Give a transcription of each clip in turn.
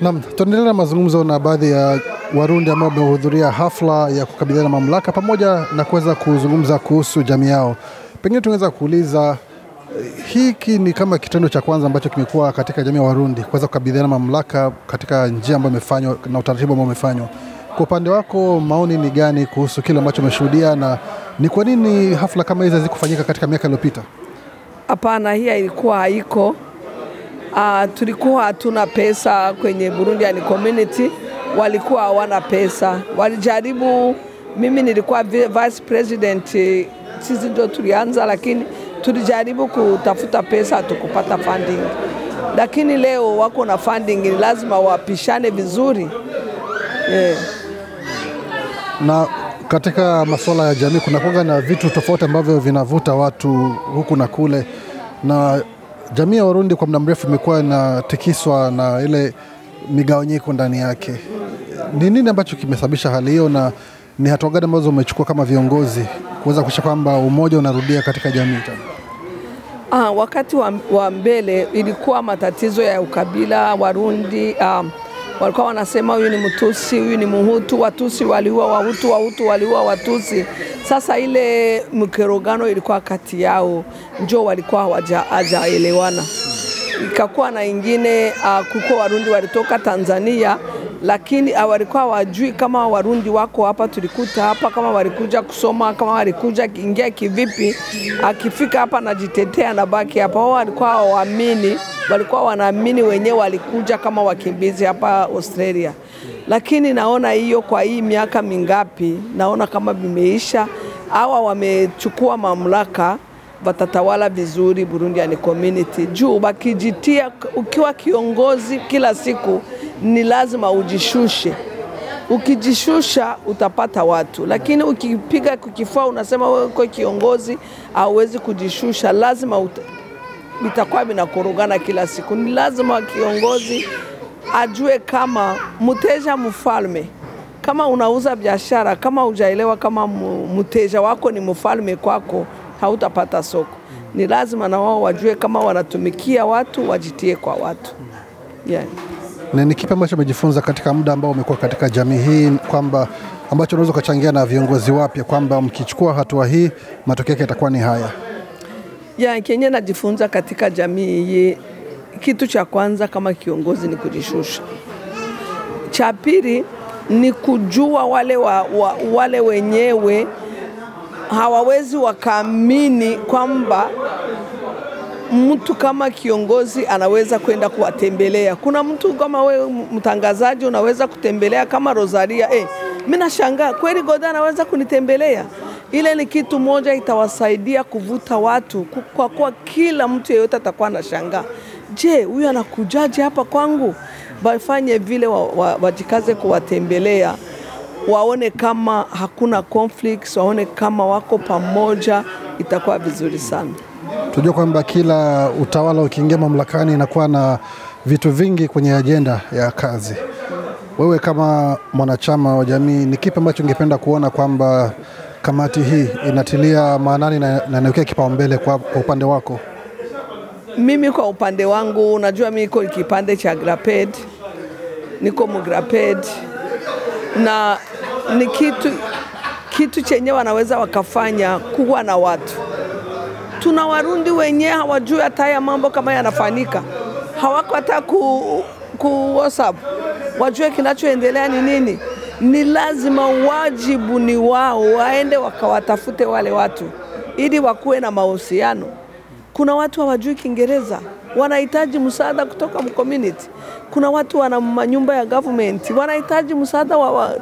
Naam, tunaendelea na mazungumzo na baadhi ya Warundi ambao wamehudhuria hafla ya kukabiliana mamlaka pamoja na kuweza kuzungumza kuhusu jamii yao. Pengine tunaweza kuuliza eh, hiki ni kama kitendo cha kwanza ambacho kimekuwa katika jamii ya Warundi kuweza kukabidhiana mamlaka katika njia ambayo imefanywa na utaratibu ambao umefanywa. Kwa upande wako, maoni ni gani kuhusu kile ambacho umeshuhudia na ni kwa nini hafla kama hizi hazikufanyika katika miaka iliyopita? Hapana, hii ilikuwa haiko Uh, tulikuwa hatuna pesa kwenye Burundian community, walikuwa hawana pesa, walijaribu. Mimi nilikuwa vice president, sisi ndio tulianza, lakini tulijaribu kutafuta pesa, tukupata funding. Lakini leo wako na funding, ni lazima wapishane vizuri yeah. Na katika masuala ya jamii kuna na vitu tofauti ambavyo vinavuta watu huku na kule na jamii ya Warundi kwa muda mrefu imekuwa inatikiswa na ile migawanyiko ndani yake. Ni nini ambacho kimesababisha hali hiyo, na ni hatua gani ambazo umechukua kama viongozi kuweza kuisha kwamba umoja unarudia katika jamii tena? Ah, wakati wa, wa mbele ilikuwa matatizo ya ukabila Warundi um, walikuwa wanasema huyu ni Mtusi, huyu ni Mhutu, Watusi waliua Wahutu, Wahutu waliua Watusi. Sasa ile mkerogano ilikuwa kati yao, njo walikuwa hawajaelewana. Ikakuwa na ingine uh, kuko Warundi walitoka Tanzania lakini ah, walikuwa wajui kama Warundi wako hapa, tulikuta hapa, kama walikuja kusoma, kama walikuja ingia kivipi, akifika hapa najitetea, nabaki hapa. Wao walikuwa wawamini walikuwa wanaamini wenyewe walikuja kama wakimbizi hapa Australia, lakini naona hiyo kwa hii miaka mingapi, naona kama vimeisha. Hawa wamechukua mamlaka, watatawala vizuri Burundi ni community juu wakijitia. Ukiwa kiongozi kila siku ni lazima ujishushe Ukijishusha utapata watu, lakini ukipiga kukifua unasema wewe uko kiongozi, hauwezi kujishusha, lazima uta vitakuwa vinakorogana kila siku. Ni lazima kiongozi ajue kama mteja mfalme. Kama unauza biashara, kama ujaelewa kama mteja wako ni mfalme kwako, hautapata soko. Ni lazima na wao wajue kama wanatumikia watu, wajitie kwa watu yeah. Na ni kipi ambacho umejifunza katika muda ambao umekuwa katika jamii hii, kwamba ambacho unaweza ukachangia na viongozi wapya kwamba mkichukua hatua hii matokeo yake yatakuwa ni haya? ya kenye najifunza katika jamii hii, kitu cha kwanza kama kiongozi ni kujishusha. Cha pili ni kujua wale, wa, wa, wale wenyewe hawawezi wakaamini kwamba mtu kama kiongozi anaweza kwenda kuwatembelea. Kuna mtu kama wewe mtangazaji unaweza kutembelea kama Rosaria. Eh, mimi nashangaa kweli Goda anaweza kunitembelea. Ile ni kitu moja itawasaidia kuvuta watu, kwa kuwa kila mtu yeyote atakuwa anashangaa, je, huyu anakujaje hapa kwangu? Wafanye vile wajikaze wa, wa kuwatembelea waone kama hakuna conflicts, waone kama wako pamoja, itakuwa vizuri sana. Tunajua kwamba kila utawala ukiingia mamlakani inakuwa na vitu vingi kwenye ajenda ya kazi. Wewe kama mwanachama wa jamii, ni kipi ambacho ungependa kuona kwamba kamati hii inatilia maanani na inawekea kipaumbele kwa, kwa upande wako? Mimi kwa upande wangu, unajua mimi niko kipande cha GRAPED, niko mgraped na ni kitu, kitu chenye wanaweza wakafanya kuwa na watu. Tuna Warundi wenyewe hawajui hata ya mambo kama yanafanyika, hawako hata ku, ku WhatsApp wajue kinachoendelea ni nini ni lazima wajibu ni wao, waende wakawatafute wale watu ili wakuwe na mahusiano. Kuna watu hawajui Kiingereza, wanahitaji msaada kutoka mcommunity. Kuna watu wana manyumba ya government wanahitaji msaada wa, wa,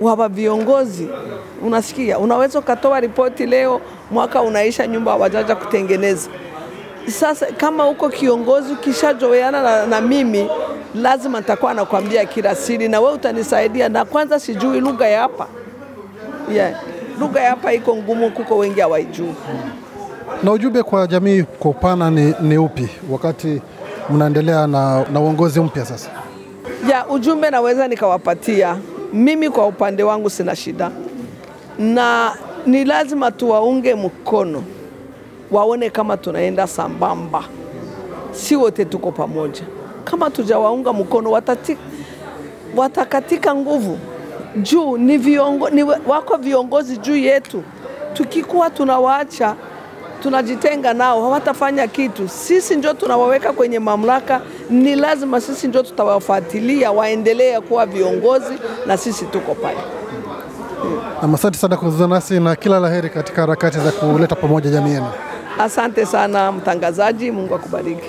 wa wa viongozi. Unasikia, unaweza ukatoa ripoti leo, mwaka unaisha, nyumba hawajaja kutengeneza. Sasa kama uko kiongozi ukishajoweana na, na mimi lazima nitakuwa nakwambia kila siri na wewe utanisaidia. Na kwanza sijui lugha ya hapa yeah. Lugha ya hapa iko ngumu, kuko wengi hawaijui. Na ujumbe kwa jamii kwa upana ni, ni upi wakati mnaendelea na, na uongozi mpya sasa? Ya ujumbe naweza nikawapatia mimi kwa upande wangu sina shida, na ni lazima tuwaunge mkono, waone kama tunaenda sambamba, si wote tuko pamoja kama tujawaunga mkono watati, watakatika nguvu juu ni, viongo, ni wako viongozi juu yetu. Tukikuwa tunawaacha tunajitenga nao, hawatafanya kitu. Sisi ndio tunawaweka kwenye mamlaka, ni lazima sisi ndio tutawafuatilia waendelee kuwa viongozi, na sisi tuko pale. Hmm. Asante sana kuzungumza nasi na kila laheri katika harakati za kuleta pamoja jamii yenu. Asante sana mtangazaji, Mungu akubariki.